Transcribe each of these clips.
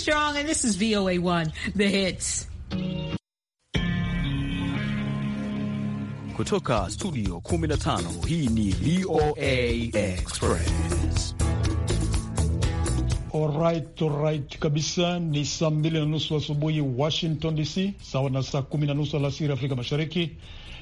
Strong and this is VOA1, The Hits. Kutoka studio 15 hii ni VOA Express. Alright, alright kabisa ni saa mbili na nusu asubuhi wa Washington DC, sawa na saa kumi na nusu alasiri Afrika Mashariki.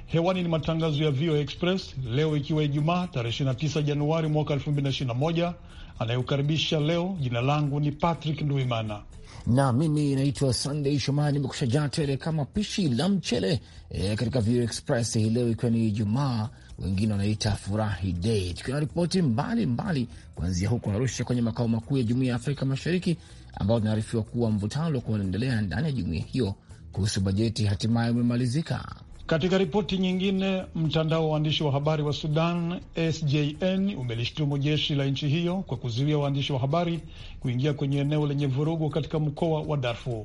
Hewani ni matangazo ya VOA Express leo ikiwa Ijumaa tarehe 29 Januari mwaka 2021 anayeukaribisha leo. Jina langu ni Patrick Nduimana na mimi naitwa Sunday Shomani, nimekusha jaa tele kama pishi la mchele e, katika Vio Express hii leo, ikiwa ni Ijumaa, wengine wanaita furahi dei, tukiwa na ripoti mbalimbali kuanzia huko Arusha kwenye makao makuu ya Jumuiya ya Afrika Mashariki, ambao tunaarifiwa kuwa mvutano uliokuwa unaendelea ndani ya jumuiya hiyo kuhusu bajeti hatimaye umemalizika. Katika ripoti nyingine, mtandao wa waandishi wa habari wa Sudan SJN umelishtumu jeshi la nchi hiyo kwa kuzuia waandishi wa habari kuingia kwenye eneo lenye vurugu katika mkoa wa Darfur.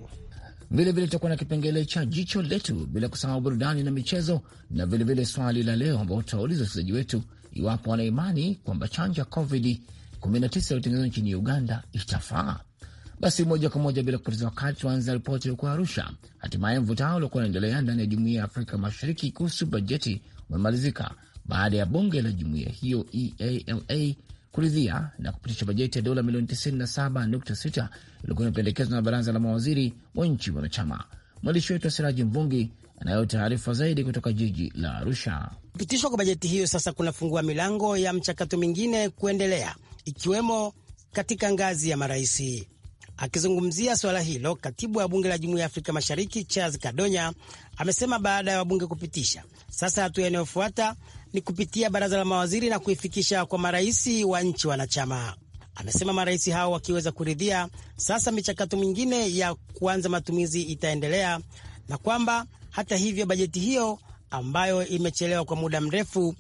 Vilevile tutakuwa na kipengele cha jicho letu, bila kusahau burudani na michezo, na vilevile swali la leo ambao tutawauliza wasikilizaji wetu iwapo wana imani kwamba chanjo ya COVID 19 iliyotengenezwa nchini Uganda itafaa. Basi moja kwa moja bila kupoteza wakati tuanza ripoti huko Arusha. Hatimaye mvutano uliokuwa unaendelea ndani ya jumuiya ya Afrika Mashariki kuhusu bajeti umemalizika baada ya bunge la jumuiya hiyo EALA kuridhia na kupitisha bajeti ya dola milioni 97.6 iliyokuwa imependekezwa na baraza la mawaziri wa nchi wanachama. Mwandishi wetu wa Siraji Mvungi anayo taarifa zaidi kutoka jiji la Arusha. Kupitishwa kwa bajeti hiyo sasa kunafungua milango ya mchakato mingine kuendelea, ikiwemo katika ngazi ya maraisi. Akizungumzia suala hilo, katibu wa bunge la jumuiya ya Afrika Mashariki Charles Kadonya amesema baada ya wabunge kupitisha, sasa hatua inayofuata ni kupitia baraza la mawaziri na kuifikisha kwa marais wa nchi wanachama. Amesema marais hao wakiweza kuridhia, sasa michakato mingine ya kuanza matumizi itaendelea, na kwamba hata hivyo bajeti hiyo ambayo imechelewa kwa muda mrefu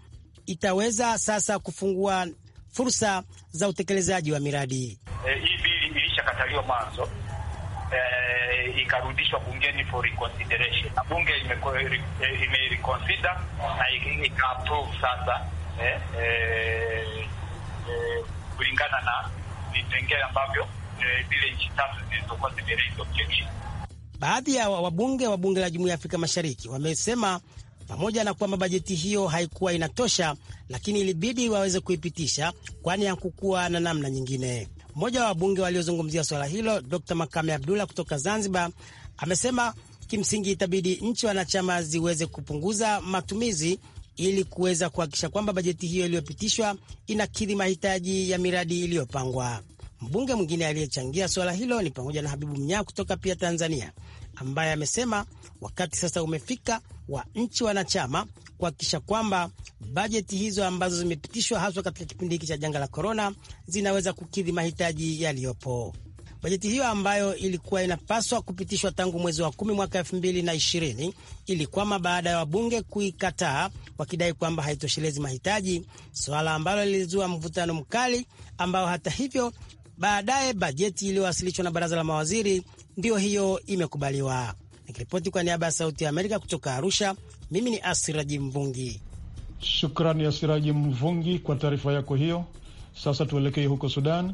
itaweza sasa kufungua fursa za utekelezaji wa miradi e, yaliyo mwanzo eh, ikarudishwa bungeni for reconsideration na bunge imereconsider na ikaapprove sasa eh, eh, eh, kulingana na vipengele ambavyo eh, zile eh, nchi tatu zilizokuwa zimeraise objection. Baadhi ya wabunge wa bunge la Jumuiya ya Afrika Mashariki wamesema pamoja na kwamba bajeti hiyo haikuwa inatosha, lakini ilibidi waweze kuipitisha, kwani hakukuwa na namna nyingine. Mmoja wa wabunge waliozungumzia swala hilo, Dr Makame Abdullah kutoka Zanzibar, amesema kimsingi itabidi nchi wanachama ziweze kupunguza matumizi ili kuweza kuhakikisha kwamba bajeti hiyo iliyopitishwa inakidhi mahitaji ya miradi iliyopangwa. Mbunge mwingine aliyechangia suala hilo ni pamoja na Habibu Mnyaa kutoka pia Tanzania, ambaye amesema wakati sasa umefika wa nchi wanachama kuhakikisha kwamba bajeti hizo ambazo zimepitishwa haswa katika kipindi hiki cha janga la korona zinaweza kukidhi mahitaji yaliyopo. Bajeti hiyo ambayo ilikuwa inapaswa kupitishwa tangu mwezi wa kumi mwaka elfu mbili na ishirini ilikwama baada ya wabunge kuikataa wakidai kwamba haitoshelezi mahitaji, suala ambalo lilizua mvutano mkali ambao hata hivyo baadaye bajeti iliyowasilishwa na baraza la mawaziri ndiyo hiyo imekubaliwa. Nikiripoti kwa niaba ya Sauti ya Amerika kutoka Arusha, mimi ni Asiraji Mvungi. Shukrani Asiraji Mvungi kwa taarifa yako hiyo. Sasa tuelekee huko Sudan.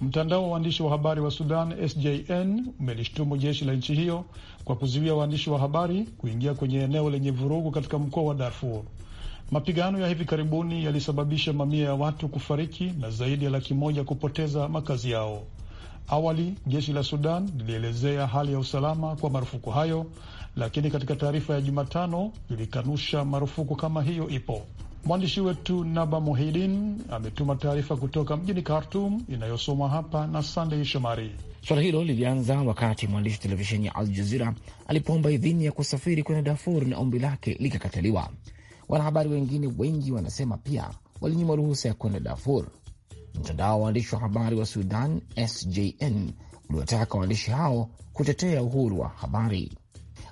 Mtandao wa waandishi wa habari wa Sudan SJN umelishtumu jeshi la nchi hiyo kwa kuzuia waandishi wa habari kuingia kwenye eneo lenye vurugu katika mkoa wa Darfur. Mapigano ya hivi karibuni yalisababisha mamia ya watu kufariki na zaidi ya laki moja kupoteza makazi yao. Awali jeshi la Sudan lilielezea hali ya usalama kwa marufuku hayo, lakini katika taarifa ya Jumatano lilikanusha marufuku kama hiyo ipo. Mwandishi wetu Naba Muhidin ametuma taarifa kutoka mjini Khartum inayosomwa hapa na Sandei Shomari. Suala hilo lilianza wakati mwandishi wa televisheni ya Al Jazira alipoomba idhini ya kusafiri kwenda Darfur na ombi lake likakataliwa. Wanahabari wengine wengi wanasema pia walinyimwa ruhusa ya kwenda Darfur. Mtandao wa waandishi wa habari wa Sudan SJN uliwataka waandishi hao kutetea uhuru wa habari.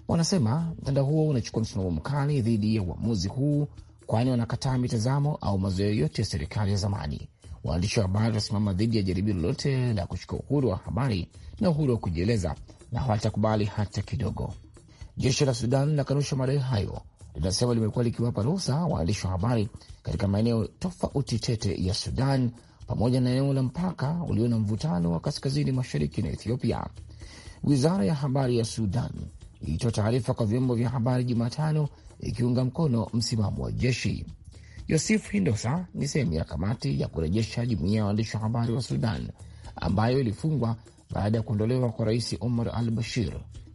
Wanasema mtandao huo unachukua msimamo mkali dhidi ya uamuzi huu, kwani wanakataa mitazamo au mazoea yoyote ya serikali ya zamani. Waandishi wa habari wanasimama dhidi ya jaribio lolote la kuchukua uhuru wa habari na uhuru wa kujieleza na hawatakubali hata kidogo. Jeshi la Sudan linakanusha madai hayo, linasema limekuwa likiwapa ruhusa waandishi wa habari katika maeneo tofauti tete ya Sudan pamoja na eneo la mpaka ulio na mvutano wa kaskazini mashariki na Ethiopia. Wizara ya habari ya Sudan ilitoa taarifa kwa vyombo vya habari Jumatano ikiunga mkono msimamo wa jeshi. Yosif Hindosa ni sehemu ya kamati ya kurejesha jumuiya ya waandishi wa habari wa Sudan ambayo ilifungwa baada ya kuondolewa kwa rais Omar al Bashir.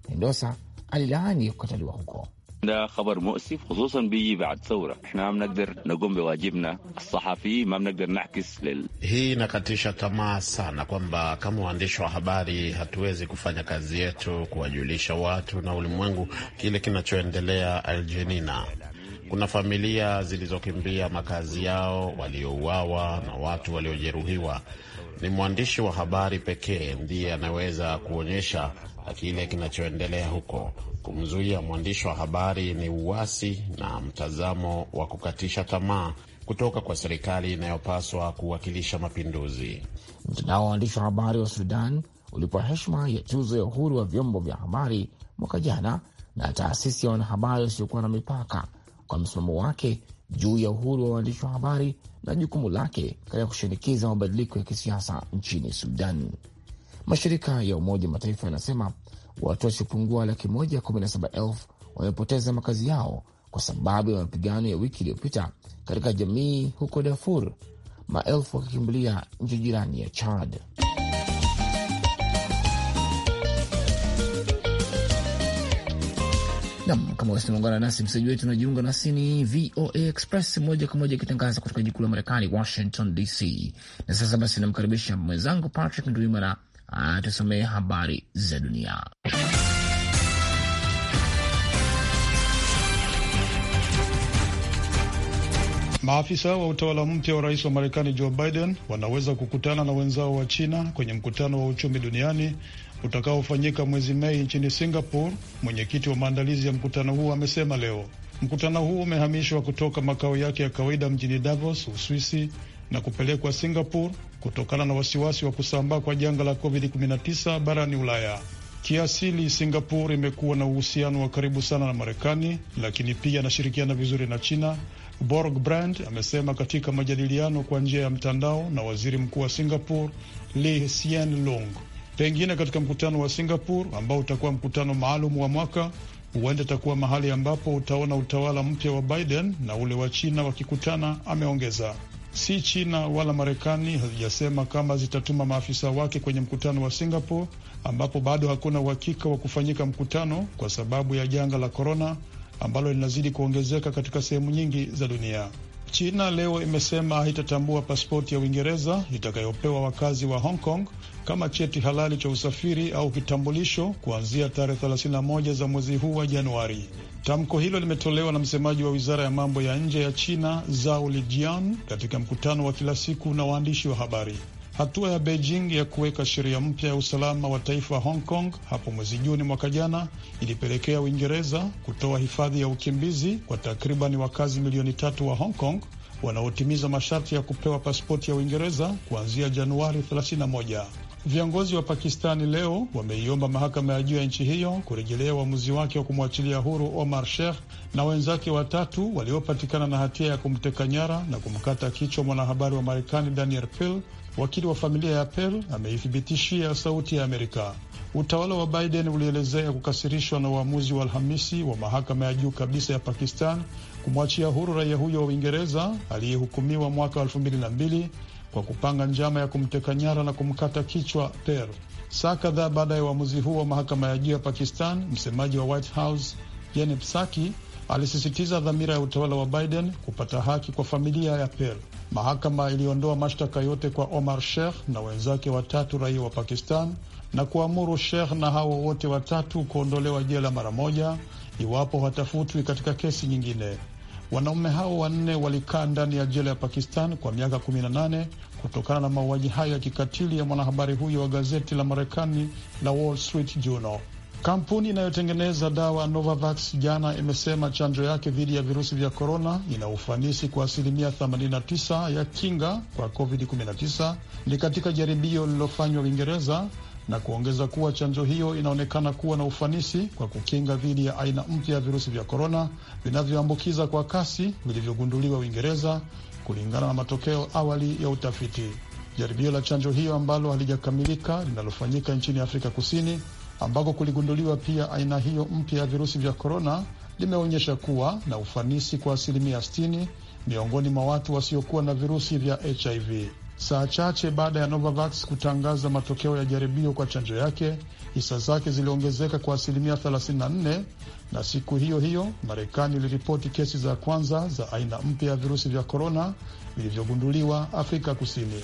Hindosa alilaani kukataliwa huko. ده خبر مؤسف خصوصا بيجي بعد ثورة احنا ما بنقدر نقوم بواجبنا الصحفي ما بنقدر نعكس لل... hii inakatisha tamaa sana kwamba kama waandishi wa habari hatuwezi kufanya kazi yetu kuwajulisha watu na ulimwengu kile kinachoendelea Aljenina. Kuna familia zilizokimbia makazi yao, waliouawa na watu waliojeruhiwa. Ni mwandishi wa habari pekee ndiye anaweza kuonyesha kile kinachoendelea huko. Kumzuia mwandishi wa habari ni uwasi na mtazamo wa kukatisha tamaa kutoka kwa serikali inayopaswa kuwakilisha mapinduzi. Mtandao wa waandishi wa habari wa Sudan ulipewa heshima ya tuzo ya uhuru wa vyombo vya habari mwaka jana na taasisi ya wanahabari wasiokuwa na mipaka kwa msimamo wake juu ya uhuru wa waandishi wa habari na jukumu lake katika kushinikiza mabadiliko ya kisiasa nchini Sudan. Mashirika ya Umoja Mataifa yanasema watu wasiopungua laki moja kumi na saba elfu wamepoteza makazi yao kwa sababu ya mapigano ya wiki iliyopita katika jamii huko Darfur, maelfu wakikimbilia nchi jirani ya Chad. Nam, kama wasiungana nasi msaji wetu unajiunga nasi ni VOA Express moja kwa moja ikitangaza kutoka jikuu la Marekani, Washington DC. Na sasa basi, namkaribisha mwenzangu Patrick Ndwimana atasomea habari za dunia. Maafisa wa utawala mpya wa rais wa Marekani Joe Biden wanaweza kukutana na wenzao wa China kwenye mkutano wa uchumi duniani utakaofanyika mwezi Mei nchini Singapore. Mwenyekiti wa maandalizi ya mkutano huo amesema leo mkutano huo umehamishwa kutoka makao yake ya kawaida mjini Davos, Uswisi na kupelekwa Singapore kutokana na wasiwasi wa kusambaa kwa janga la COVID-19 barani Ulaya. Kiasili, Singapore imekuwa na uhusiano wa karibu sana na Marekani, lakini pia anashirikiana vizuri na China. Borg Brand amesema katika majadiliano kwa njia ya mtandao na waziri mkuu wa Singapore Lee Hsien Loong. Pengine katika mkutano wa Singapore ambao utakuwa mkutano maalum wa mwaka, huenda itakuwa mahali ambapo utaona utawala mpya wa Biden na ule wa China wakikutana, ameongeza. Si China wala Marekani hazijasema kama zitatuma maafisa wake kwenye mkutano wa Singapore ambapo bado hakuna uhakika wa kufanyika mkutano kwa sababu ya janga la korona ambalo linazidi kuongezeka katika sehemu nyingi za dunia. China leo imesema haitatambua pasipoti ya Uingereza itakayopewa wakazi wa Hong Kong kama cheti halali cha usafiri au kitambulisho kuanzia tarehe 31 za mwezi huu wa Januari. Tamko hilo limetolewa na msemaji wa wizara ya mambo ya nje ya China Zhao Lijian katika mkutano wa kila siku na waandishi wa habari. Hatua ya Beijing ya kuweka sheria mpya ya usalama wa taifa Hong Kong hapo mwezi Juni mwaka jana ilipelekea Uingereza kutoa hifadhi ya ukimbizi kwa takribani wakazi milioni tatu wa Hong Kong wanaotimiza masharti ya kupewa pasipoti ya Uingereza kuanzia Januari 31. Viongozi wa Pakistani leo wameiomba mahakama ya juu ya nchi hiyo kurejelea uamuzi wake wa kumwachilia huru Omar Sheikh na wenzake watatu waliopatikana na hatia ya kumteka nyara na kumkata kichwa mwanahabari wa Marekani Daniel Pearl. Wakili wa familia ya Pearl ameithibitishia Sauti ya Amerika. Utawala wa Biden ulielezea kukasirishwa na uamuzi wa Alhamisi wa mahakama ya juu kabisa ya Pakistan kumwachia huru raia huyo wa Uingereza aliyehukumiwa mwaka kwa kupanga njama ya kumteka nyara na kumkata kichwa Per. Saa kadhaa baada ya uamuzi huo wa mahakama ya juu ya Pakistan, msemaji wa White House Jen Psaki alisisitiza dhamira ya utawala wa Biden kupata haki kwa familia ya Per. Mahakama iliondoa mashtaka yote kwa Omar Sheikh na wenzake watatu raia wa Pakistan na kuamuru Sheikh na hao wote watatu kuondolewa jela mara moja iwapo hatafutwi katika kesi nyingine. Wanaume hao wanne walikaa ndani ya jela ya Pakistan kwa miaka 18 kutokana na mauaji hayo ya kikatili ya mwanahabari huyo wa gazeti la Marekani la Wall Street Journal. Kampuni inayotengeneza dawa Novavax jana imesema chanjo yake dhidi ya virusi vya korona ina ufanisi kwa asilimia 89 ya kinga kwa COVID-19 ni katika jaribio lililofanywa Uingereza na kuongeza kuwa chanjo hiyo inaonekana kuwa na ufanisi kwa kukinga dhidi ya aina mpya ya virusi vya korona vinavyoambukiza kwa kasi vilivyogunduliwa Uingereza, kulingana na matokeo awali ya utafiti. Jaribio la chanjo hiyo ambalo halijakamilika linalofanyika nchini Afrika Kusini, ambako kuligunduliwa pia aina hiyo mpya ya virusi vya korona, limeonyesha kuwa na ufanisi kwa asilimia 60 miongoni mwa watu wasiokuwa na virusi vya HIV saa chache baada ya Novavax kutangaza matokeo ya jaribio kwa chanjo yake, hisa zake ziliongezeka kwa asilimia 34, na siku hiyo hiyo Marekani iliripoti kesi za kwanza za aina mpya ya virusi vya korona vilivyogunduliwa Afrika Kusini.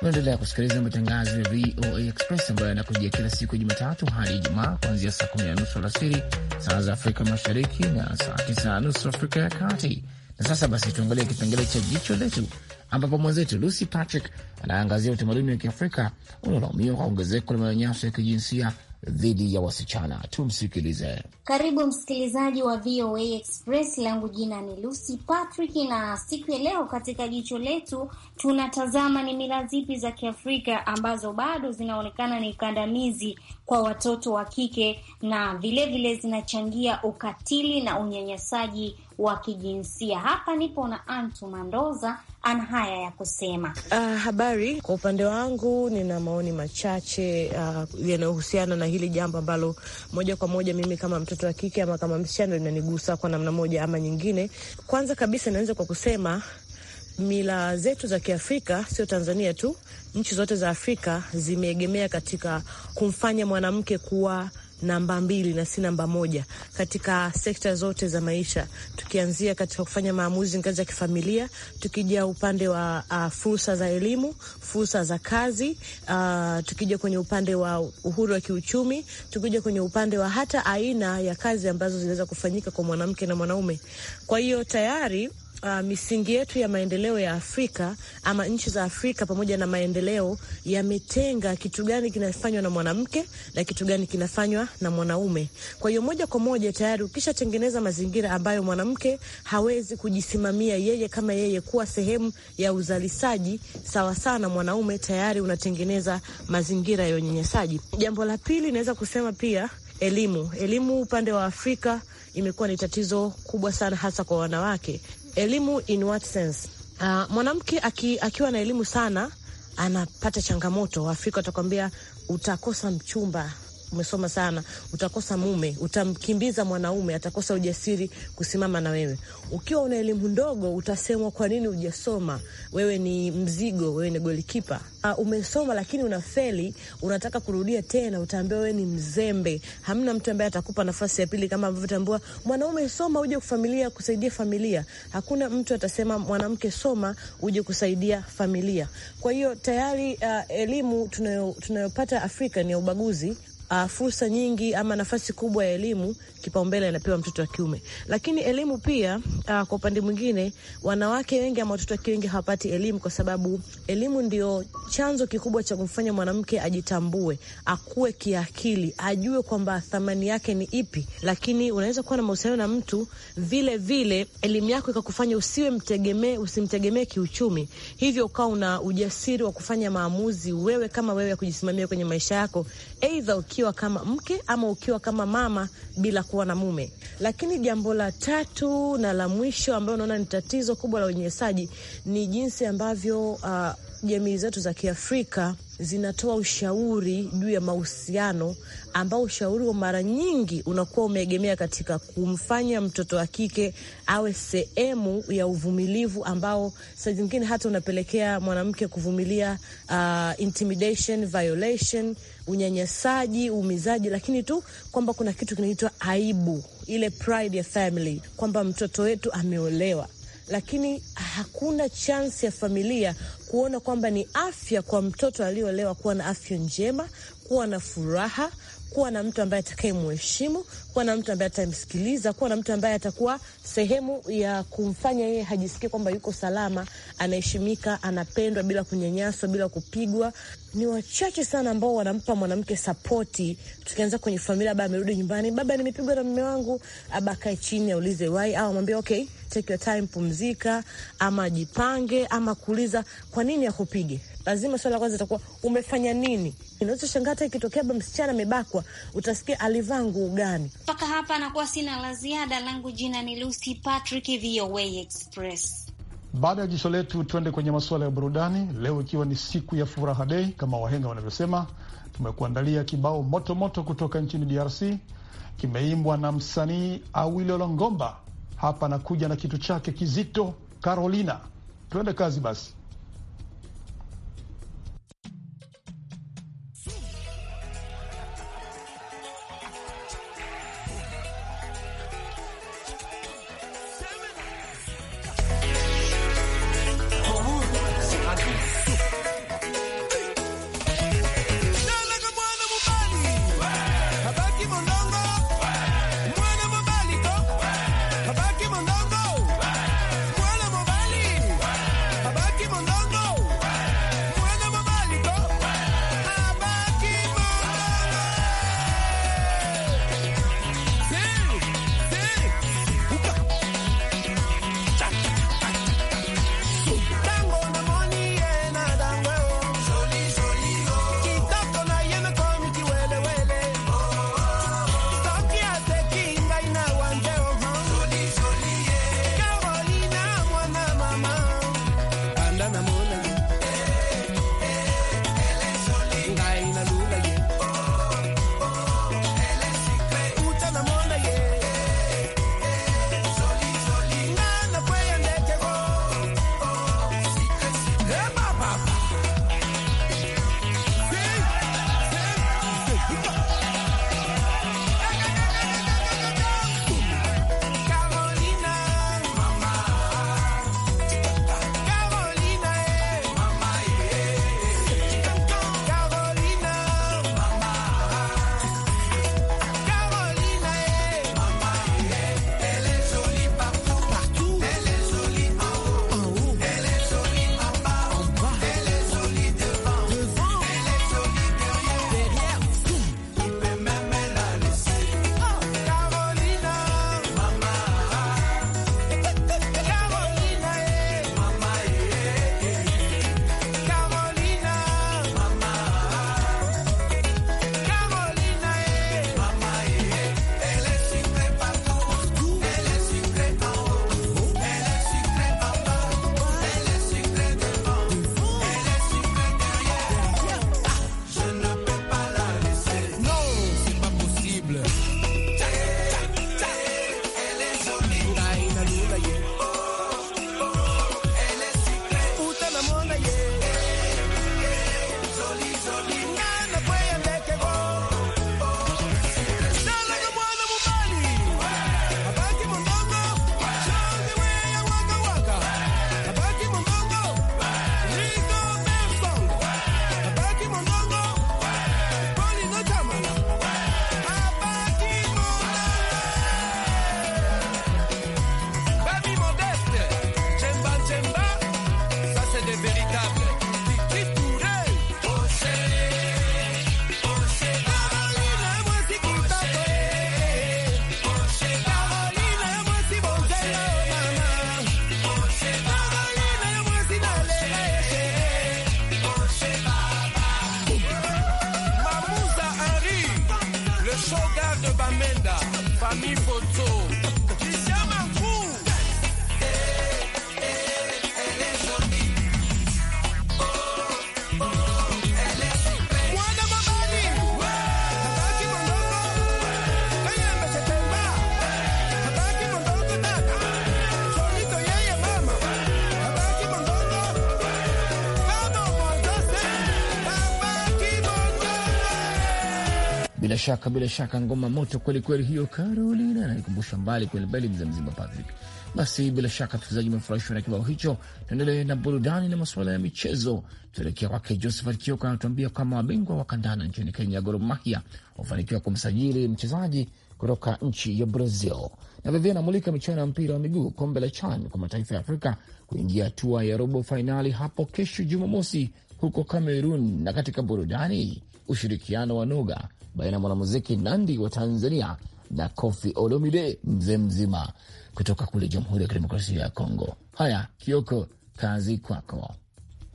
Unaendelea kusikiliza matangazo ya VOA Express ambayo yanakujia kila siku ya Jumatatu hadi Ijumaa, kuanzia saa kumi na nusu alasiri saa za Afrika Mashariki na saa tisa na nusu Afrika ya Kati. Na sasa basi tuangalie kipengele cha jicho letu, ambapo mwenzetu Lucy Patrick anaangazia utamaduni wa Kiafrika unaolaumiwa kwa ongezeko la manyanyaso ya kijinsia dhidi ya wasichana. Tumsikilize. Karibu msikilizaji wa VOA Express, langu jina ni Lucy Patrick, na siku ya leo katika jicho letu tunatazama ni mila zipi za Kiafrika ambazo bado zinaonekana ni kandamizi kwa watoto wa kike na vilevile zinachangia ukatili na unyanyasaji wa kijinsia. Hapa nipo na Antu Mandoza ana haya ya kusema. Uh, habari. Kwa upande wangu nina maoni machache uh, yanayohusiana na hili jambo ambalo moja kwa moja mimi kama mtoto wa kike ama kama msichana linanigusa kwa namna moja ama nyingine. Kwanza kabisa naweza kwa kusema mila zetu za Kiafrika, sio Tanzania tu, nchi zote za Afrika zimeegemea katika kumfanya mwanamke kuwa namba mbili na si namba moja katika sekta zote za maisha, tukianzia katika kufanya maamuzi ngazi ya kifamilia, tukija upande wa uh, fursa za elimu, fursa za kazi, uh, tukija kwenye upande wa uhuru wa kiuchumi, tukija kwenye upande wa hata aina ya kazi ambazo zinaweza kufanyika kwa mwanamke na mwanaume. Kwa hiyo tayari uh, misingi yetu ya maendeleo ya Afrika ama nchi za Afrika pamoja na maendeleo yametenga kitu gani kinafanywa na mwanamke na kitu gani kinafanywa na mwanaume. Kwa hiyo moja kwa moja tayari ukishatengeneza mazingira ambayo mwanamke hawezi kujisimamia yeye kama yeye kuwa sehemu ya uzalishaji sawa na mwanaume, tayari unatengeneza mazingira ya unyanyasaji. Jambo la pili naweza kusema pia elimu. Elimu upande wa Afrika imekuwa ni tatizo kubwa sana hasa kwa wanawake. Elimu in what sense? Uh, mwanamke aki, akiwa na elimu sana anapata changamoto. Waafrika watakwambia utakosa mchumba umesoma sana, utakosa mume, utamkimbiza mwanaume, atakosa ujasiri kusimama na wewe. Ukiwa una elimu ndogo, utasemwa kwa nini ujasoma, wewe ni mzigo, wewe ni golikipa. Uh, umesoma lakini unafeli, unataka kurudia tena, utaambiwa wewe ni mzembe. Hamna mtu ambaye atakupa nafasi ya pili, kama ambavyo tambua mwanaume, soma uje kufamilia kusaidia familia. Hakuna mtu atasema mwanamke, soma uje kusaidia familia. Kwa hiyo tayari uh, elimu tunayopata Afrika ni ya ubaguzi uh, fursa nyingi ama nafasi kubwa ya elimu kipaumbele anapewa mtoto wa kiume, lakini elimu pia uh, kwa upande mwingine wanawake wengi ama watoto wengi hawapati elimu, kwa sababu elimu ndio chanzo kikubwa cha kumfanya mwanamke ajitambue, akue kiakili, ajue kwamba thamani yake ni ipi. Lakini unaweza kuwa na mahusiano na mtu vile vile, elimu yako ikakufanya usiwe mtegemee, usimtegemee kiuchumi, hivyo ukawa una ujasiri wa kufanya maamuzi wewe kama wewe ya kujisimamia kwenye maisha yako aidha ukiwa kama mke ama ukiwa kama mama bila kuwa na mume. Lakini jambo la tatu na la mwisho ambayo unaona ni tatizo kubwa la unyenyesaji ni jinsi ambavyo uh, jamii zetu za Kiafrika zinatoa ushauri juu ya mahusiano ambao ushauri wa mara nyingi unakuwa umeegemea katika kumfanya mtoto wa kike awe sehemu ya uvumilivu ambao saa zingine hata unapelekea mwanamke kuvumilia uh, intimidation, violation, unyanyasaji, uumizaji, lakini tu kwamba kuna kitu kinaitwa aibu, ile pride ya family, kwamba mtoto wetu ameolewa lakini hakuna chansi ya familia kuona kwamba ni afya kwa mtoto aliyolewa kuwa na afya njema, kuwa na furaha, kuwa na mtu ambaye atakayemheshimu, kuwa na mtu ambaye atamsikiliza, kuwa na mtu ambaye atakuwa sehemu ya kumfanya yeye hajisikie kwamba yuko salama, anaheshimika, anapendwa bila kunyanyaswa, bila kupigwa ni wachache sana ambao wanampa mwanamke sapoti. Tukianza kwenye familia, baba amerudi nyumbani, baba nimepigwa na mume wangu, aba chini aulize wai, au amwambia okay, take your time, pumzika, ama jipange, ama kuuliza kwa nini akupige. Lazima swala la kwanza itakuwa umefanya nini. Inaweza shangaa hata ikitokea ba msichana amebakwa, utasikia alivaa nguo gani. Mpaka hapa anakuwa sina la ziada, langu jina ni Lucy Patrick, VOA Express. Baada ya jicho letu, tuende kwenye masuala ya burudani leo, ikiwa ni siku ya furaha dei kama wahenga wanavyosema. Tumekuandalia kibao moto moto kutoka nchini DRC, kimeimbwa na msanii Awilo Longomba. Hapa anakuja na kitu chake kizito Carolina. Tuende kazi basi. shaka, bila shaka, ngoma moto kweli kweli hiyo. Carolina naikumbusha mbali kweli kweli, mzee mzima Patrick. Basi bila shaka, tuzaji umefurahishwa na kibao hicho. Tuendelee na burudani na masuala ya michezo, tuelekea kwake Josephat Kioko. Anatuambia kama wabingwa wa kandanda nchini Kenya, Gor Mahia wafanikiwa kumsajili mchezaji kutoka nchi ya Brazil, na vivyo anamulika michuano ya mpira wa miguu kombe la CHAN kwa mataifa ya Afrika kuingia hatua ya robo fainali hapo kesho Jumamosi huko Cameroon. Na katika burudani, ushirikiano wa Noga baina ya mwanamuziki Nandi wa Tanzania na Kofi Olomide, mzee mzima kutoka kule Jamhuri ya Kidemokrasia ya Kongo. Haya, Kioko, kazi kwako.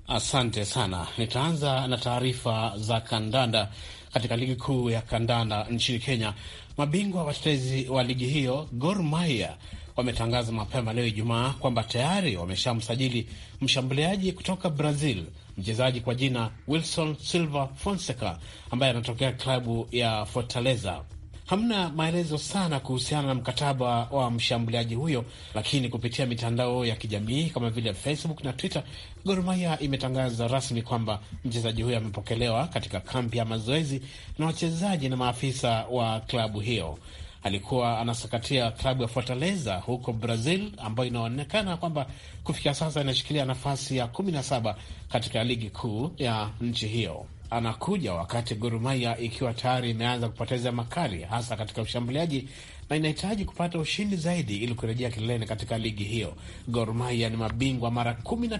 Asante sana. Nitaanza na taarifa za kandanda. Katika ligi kuu ya kandanda nchini Kenya, mabingwa watetezi wa ligi hiyo Gor Mahia wametangaza mapema leo Ijumaa kwamba tayari wameshamsajili mshambuliaji kutoka Brazil mchezaji kwa jina Wilson Silva Fonseca ambaye anatokea klabu ya Fortaleza. Hamna maelezo sana kuhusiana na mkataba wa mshambuliaji huyo, lakini kupitia mitandao ya kijamii kama vile Facebook na Twitter, Gor Mahia imetangaza rasmi kwamba mchezaji huyo amepokelewa katika kambi ya mazoezi na wachezaji na maafisa wa klabu hiyo alikuwa anasakatia klabu ya Fortaleza huko Brazil, ambayo inaonekana kwamba kufikia sasa inashikilia nafasi ya saba katika ligi kuu ya nchi hiyo. Anakuja wakati Gurumaya ikiwa tayari imeanza kupoteza makali, hasa katika ushambuliaji na inahitaji kupata ushindi zaidi ili kurejea kileleni katika ligi hiyo. Gor Mahia ni mabingwa mara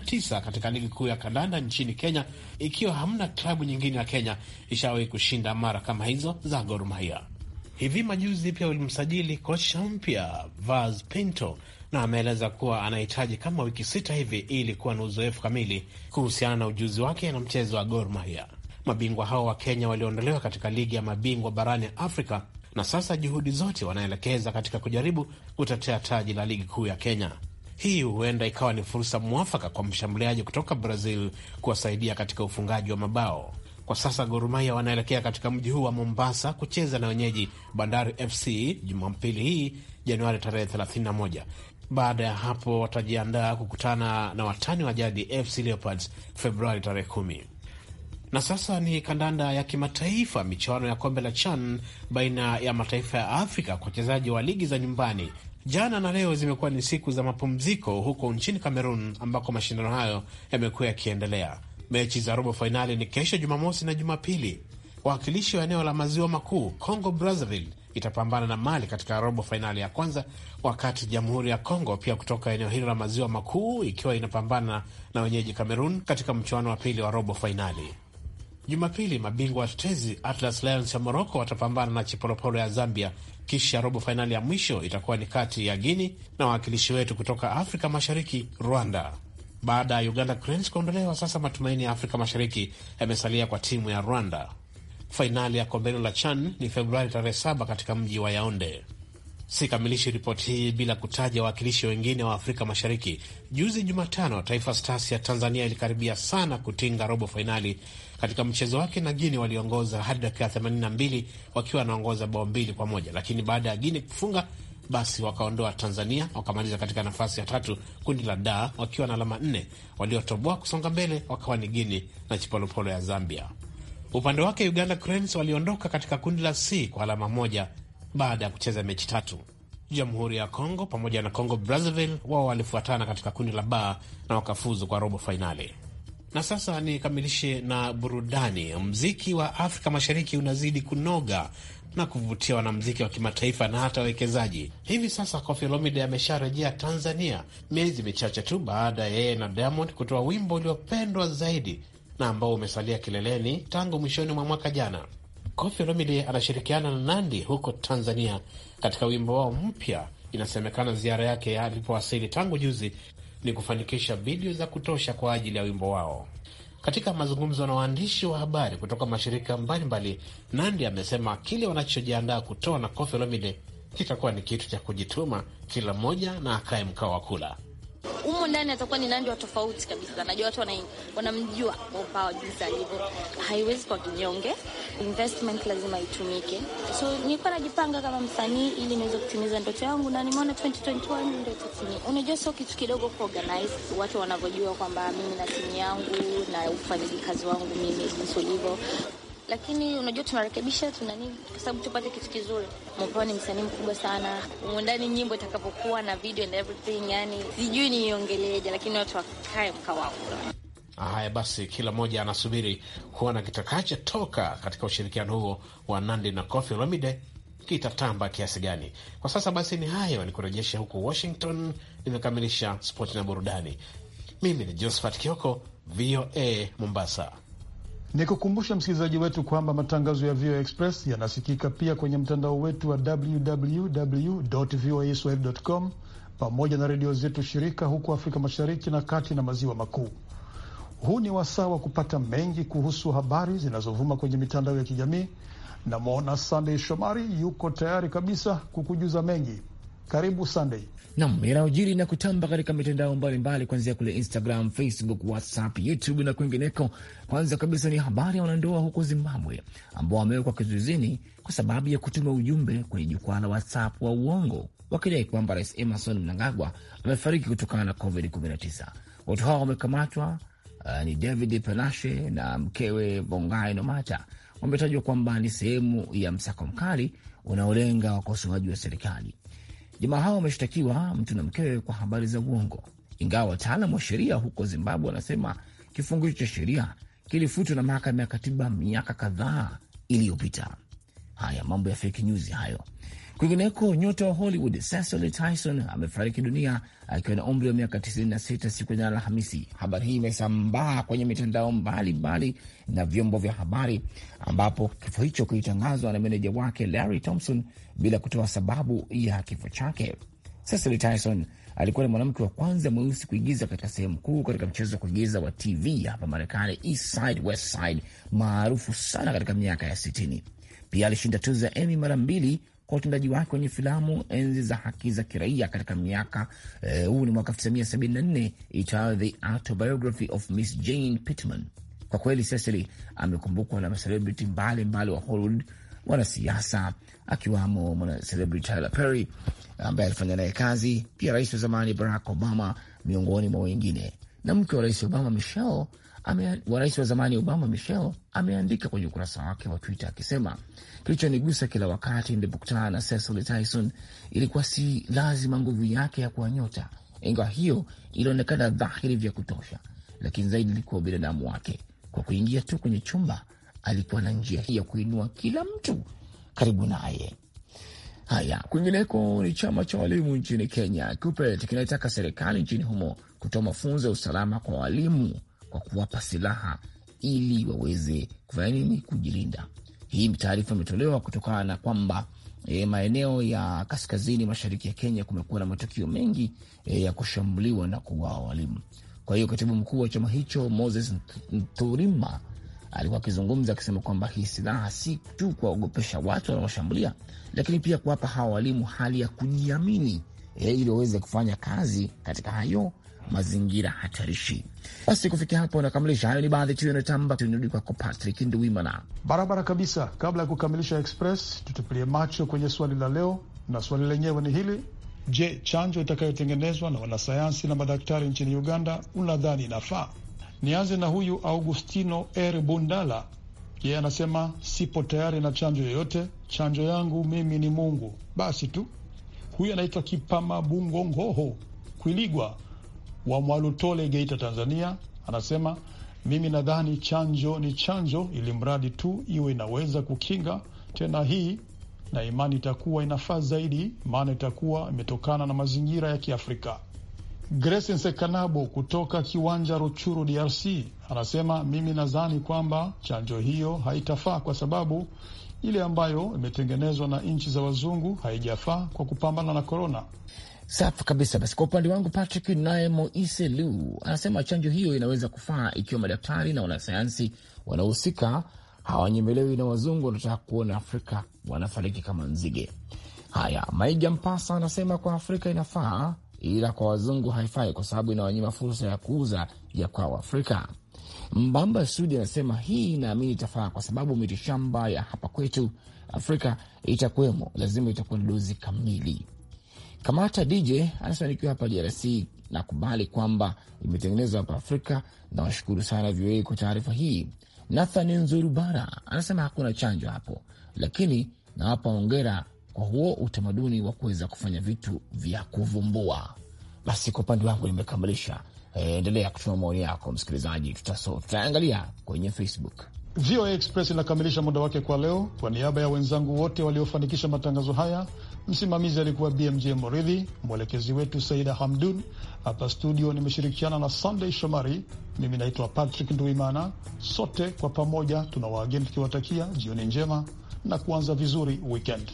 tisa katika ligi kuu ya kandanda nchini Kenya, ikiwa hamna klabu nyingine ya Kenya ishawahi kushinda mara kama hizo za Gor Mahia. Hivi majuzi pia ulimsajili kocha mpya Vaz Pinto na ameeleza kuwa anahitaji kama wiki sita hivi ili kuwa na uzoefu kamili kuhusiana na ujuzi wake na mchezo wa Gor Mahia. Mabingwa hao wa Kenya waliondolewa katika ligi ya mabingwa barani Afrika na sasa juhudi zote wanaelekeza katika kujaribu kutetea taji la ligi kuu ya Kenya. Hii huenda ikawa ni fursa mwafaka kwa mshambuliaji kutoka Brazil kuwasaidia katika ufungaji wa mabao. Kwa sasa Gor Mahia wanaelekea katika mji huu wa Mombasa kucheza na wenyeji Bandari FC Jumapili hii Januari tarehe 31. Baada ya hapo watajiandaa kukutana na watani wa jadi FC Leopards Februari tarehe 10. Na sasa ni kandanda ya kimataifa, michuano ya kombe la CHAN baina ya mataifa ya Afrika kwa wachezaji wa ligi za nyumbani. Jana na leo zimekuwa ni siku za mapumziko huko nchini cameron ambako mashindano hayo yamekuwa yakiendelea. Mechi za robo fainali ni kesho Jumamosi na Jumapili. Wawakilishi wa eneo la maziwa makuu Congo Brazzaville itapambana na Mali katika robo fainali ya kwanza, wakati Jamhuri ya congo pia kutoka eneo hilo la maziwa makuu ikiwa inapambana na wenyeji Cameroon katika mchuano wa pili wa robo fainali. Jumapili, mabingwa watetezi Atlas Lions ya Moroko watapambana na Chipolopolo ya Zambia, kisha robo fainali ya mwisho itakuwa ni kati ya Guini na wawakilishi wetu kutoka Afrika Mashariki, Rwanda. Baada ya Uganda Cranes kuondolewa, sasa matumaini ya Afrika Mashariki yamesalia kwa timu ya Rwanda. Fainali ya kombe la CHAN ni Februari tarehe 7 katika mji wa Yaunde. Sikamilishi ripoti hii bila kutaja wawakilishi wengine wa Afrika Mashariki. Juzi Jumatano, Taifa Stars ya Tanzania ilikaribia sana kutinga robo fainali katika mchezo wake na Gini. Waliongoza hadi dakika 82 wakiwa wanaongoza bao mbili kwa moja, lakini baada ya Gini kufunga basi wakaondoa Tanzania wakamaliza katika nafasi ya tatu kundi la da wakiwa na alama nne. Waliotoboa kusonga mbele wakawa ni guini na Chipolopolo ya Zambia. Upande wake Uganda Cranes waliondoka katika kundi la C kwa alama moja baada ya kucheza mechi tatu. Jamhuri ya Kongo pamoja na Congo Brazzaville wao walifuatana katika kundi la ba na wakafuzu kwa robo fainali. Na sasa nikamilishe na burudani. Mziki wa Afrika Mashariki unazidi kunoga na kuvutia wanamziki wa kimataifa na hata wawekezaji. Hivi sasa Koffi Olomide amesharejea Tanzania miezi michache tu baada ya yeye na Diamond kutoa wimbo uliopendwa zaidi na ambao umesalia kileleni tangu mwishoni mwa mwaka jana. Koffi Olomide anashirikiana na Nandi huko Tanzania katika wimbo wao mpya. Inasemekana ziara yake alipowasili tangu juzi ni kufanikisha video za kutosha kwa ajili ya wimbo wao. Katika mazungumzo na waandishi wa habari kutoka mashirika mbalimbali, Nandi amesema kile wanachojiandaa kutoa na Koffi Olomide kitakuwa ni kitu cha kujituma, kila mmoja na akae mkao wa kula. Humu ndani atakuwa ni Nandy wa tofauti kabisa. Najua watu wanamjua kwa upawa jinsi alivyo, haiwezi kwa kinyonge. Investment lazima itumike, so nilikuwa najipanga kama msanii ili niweze kutimiza ndoto yangu, na nimeona 2021 ndio itatimia. Unajua, sio kitu kidogo kuorganize watu wanavyojua kwamba mimi na timu yangu na ufanyaji kazi wangu mimi jinsi ulivyo lakini unajua tunarekebisha, tuna nini, kwa sababu tupate kitu kizuri. Mpoa ni msanii mkubwa sana, umundani nyimbo itakapokuwa na video and everything, yani sijui niiongeleje, lakini watu wakae mkawaula. Haya basi, kila mmoja anasubiri kuona kitakachotoka katika ushirikiano huo wa Nandi na Koffi Olomide kitatamba kiasi gani. Kwa sasa basi, ni hayo, ni kurejesha huku Washington. Nimekamilisha spoti na burudani. Mimi ni Josephat Kioko, VOA Mombasa. Nikukumbusha msikilizaji wetu kwamba matangazo ya VOA Express yanasikika pia kwenye mtandao wetu wa www voa swahili com pamoja na redio zetu shirika huku Afrika Mashariki na kati na maziwa makuu. Huu ni wasaa wa kupata mengi kuhusu habari zinazovuma kwenye mitandao ya kijamii. Namwona Sandey Shomari yuko tayari kabisa kukujuza mengi. Karibu Sunday nam yanayojiri na kutamba katika mitandao mbalimbali kuanzia kule Instagram, Facebook, WhatsApp, YouTube na kwingineko. Kwanza kabisa ni habari ya wanandoa huko Zimbabwe ambao wamewekwa kizuizini kwa sababu ya kutuma ujumbe kwenye jukwaa la WhatsApp wa uongo wakidai kwamba Rais Emerson Mnangagwa amefariki kutokana na COVID-19. Watu hao wamekamatwa, uh, ni David Penashe na mkewe Bongai Nomata. Wametajwa kwamba ni sehemu ya msako mkali unaolenga wakosoaji wa serikali. Jamaa hao wameshtakiwa mtu na mkewe kwa habari za uongo, ingawa wataalam wa sheria huko Zimbabwe wanasema kifungu hicho cha sheria kilifutwa na mahakama ya katiba miaka kadhaa iliyopita. Haya mambo ya fake news hayo. Kwingineko, nyota wa Hollywood Cecily Tyson amefariki dunia akiwa na umri wa miaka 96 siku ya Alhamisi. Habari hii imesambaa kwenye mitandao mbalimbali na vyombo vya habari, ambapo kifo hicho kilitangazwa na meneja wake Larry Thompson bila kutoa sababu ya kifo chake. Cecily Tyson alikuwa ni mwanamke wa kwanza mweusi kuigiza katika sehemu kuu katika mchezo wa kuigiza wa TV hapa Marekani, East Side West Side, maarufu sana katika miaka ya 60. Pia alishinda tuzo ya Emmy mara mbili kwa utendaji wake kwenye filamu enzi za haki za kiraia katika miaka eh, huu uh, ni mwaka 1974 itayo The Autobiography of Miss Jane Pittman. Kwa kweli Cecily amekumbukwa na maselebriti mbalimbali wa Hollywood, wanasiasa akiwamo mwanacelebrity Tyler Perry ambaye alifanya naye kazi, pia rais wa zamani Barack Obama miongoni mwa wengine, na mke wa rais Obama Michelle wa rais wa zamani Obama, Michelle, ameandika kwenye ukurasa wake wa Twitter akisema kilichonigusa kila wakati nilipokutana na Cecily Tyson ilikuwa si lazima nguvu yake ya kuwa nyota, ingawa hiyo ilionekana dhahiri vya kutosha, lakini zaidi ilikuwa ubinadamu wake. Kwa kuingia tu kwenye chumba, alikuwa na njia hii ya kuinua kila mtu karibu naye. Haya, kwingineko ni chama cha walimu nchini Kenya KUPPET kinaitaka serikali nchini humo kutoa mafunzo ya usalama kwa walimu kwa kuwapa silaha ili waweze kufanya nini? Kujilinda. Hii taarifa imetolewa kutokana na kwamba e, maeneo ya kaskazini mashariki ya Kenya kumekuwa na matukio mengi e, ya kushambuliwa na kuuawa walimu. Kwa hiyo katibu mkuu wa chama hicho Moses Nturima alikuwa akizungumza akisema kwamba hii silaha si tu kuwaogopesha watu wanaoshambulia, lakini pia kuwapa hawa walimu hali ya kujiamini e, ili waweze kufanya kazi katika hayo mazingira hatarishi. Basi kufikia hapo nakamilisha. Hayo ni baadhi tu yanayotamba. Tunirudi kwako Patrick Nduwimana. Barabara kabisa. Kabla ya kukamilisha Express, tutupilie macho kwenye swali la leo, na swali lenyewe ni hili: Je, chanjo itakayotengenezwa na wanasayansi na madaktari nchini Uganda unadhani inafaa? Nianze na huyu Augustino R Bundala, yeye anasema sipo tayari na chanjo yoyote. Chanjo yangu mimi ni Mungu, basi tu. Huyu anaitwa Kipama Bungongoho Kwiligwa wa Mwalutole, Geita, Tanzania, anasema mimi nadhani chanjo ni chanjo, ili mradi tu iwe inaweza kukinga tena, hii na imani itakuwa inafaa zaidi, maana itakuwa imetokana na mazingira ya Kiafrika. Grace Nsekanabo kutoka kiwanja Ruchuru, DRC, anasema mimi nadhani kwamba chanjo hiyo haitafaa kwa sababu ile ambayo imetengenezwa na nchi za wazungu haijafaa kwa kupambana na korona. Safi kabisa. Basi kwa upande wangu Patrick, naye Moise Lu anasema chanjo hiyo inaweza kufaa ikiwa madaktari na wanasayansi wanaohusika hawanyemelewi na wazungu wanataka kuona Afrika wanafariki kama nzige. Haya, Maiga Mpasa anasema kwa Afrika inafaa, ila kwa wazungu haifai kwa sababu inawanyima fursa ya kuuza ya kwa Afrika. Mbamba Sudi anasema hii inaamini itafaa kwa sababu mitishamba ya hapa kwetu Afrika itakuwemo, lazima itakuwa na dozi kamili. Kamata DJ anasema nikiwa hapa DRC nakubali kwamba imetengenezwa hapa Afrika. Nawashukuru sana VOA kwa taarifa hii. Nathan Bara anasema hakuna chanjo hapo, lakini nawapa ongera kwa huo utamaduni wa kuweza kufanya vitu vya kuvumbua. Basi kwa upande wangu nimekamilisha. E, endelea kutuma maoni yako msikilizaji, tutaangalia kwenye Facebook. VOA Express inakamilisha muda wake kwa leo. Kwa niaba ya wenzangu wote waliofanikisha matangazo haya Msimamizi alikuwa BMJ Moridhi, mwelekezi wetu Saida Hamdun. Hapa studio nimeshirikiana na Sandey Shomari. Mimi naitwa Patrick Nduimana. Sote kwa pamoja tuna waageni tukiwatakia jioni njema na kuanza vizuri weekend.